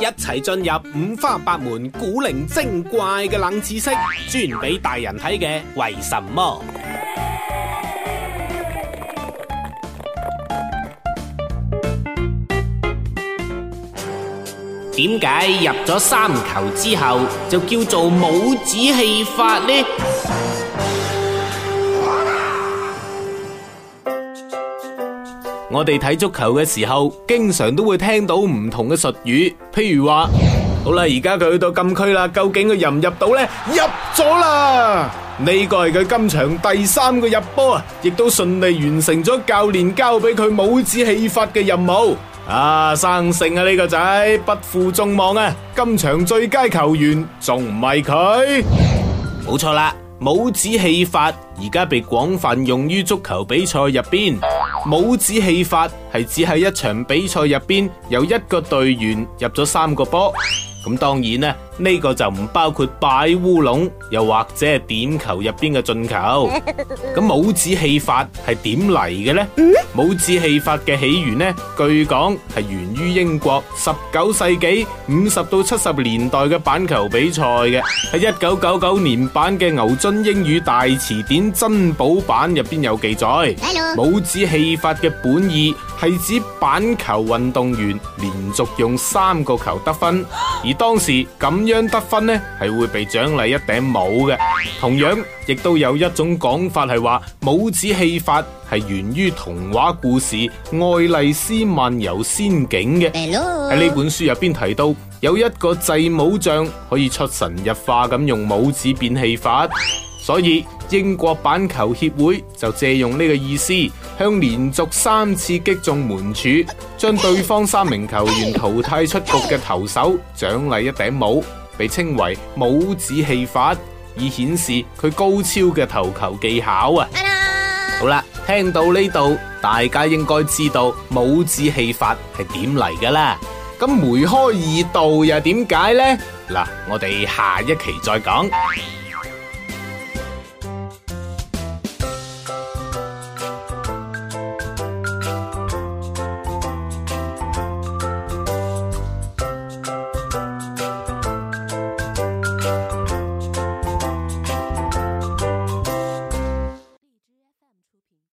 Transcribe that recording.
一齊進入五花八門古靈精怪嘅冷知識，專俾大人睇嘅，為什麼？點解入咗三球之後就叫做帽子戲法呢？我哋睇足球嘅時候，經常都會聽到唔同嘅術語，譬如話：好啦，而家佢去到禁區啦，究竟佢入唔入到呢？入咗啦！呢個係佢今場第三個入波啊，亦都順利完成咗教練交俾佢帽子戲法嘅任務。啊，生性啊，呢個仔不負眾望啊，今場最佳球員仲唔係佢？冇錯啦，帽子戲法而家被廣泛用於足球比賽入邊。帽子戲法係指喺一場比賽入邊有一個隊員入咗三個波，咁當然咧。呢、這個就唔包括擺烏龍，又或者係點球入邊嘅進球。咁帽子戲法係點嚟嘅呢？帽 子戲法嘅起源呢？據講係源於英國十九世紀五十到七十年代嘅板球比賽嘅。喺一九九九年版嘅牛津英語大詞典珍寶版入邊有記載，帽 子戲法嘅本意係指板球運動員連續用三個球得分，而當時咁。樣得分呢，係會被獎勵一頂帽嘅，同樣亦都有一種講法係話，帽子戲法係源於童話故事《愛麗絲漫遊仙境》嘅。喺呢本書入邊提到，有一個製帽匠可以出神入化咁用帽子變戲法，所以。英國板球協會就借用呢個意思，向連續三次擊中門柱、將對方三名球員淘汰出局嘅投手獎勵一頂帽，被稱為帽子戲法，以顯示佢高超嘅投球技巧啊！好啦，聽到呢度，大家應該知道帽子戲法係點嚟噶啦。咁梅開二度又點解呢？嗱，我哋下一期再講。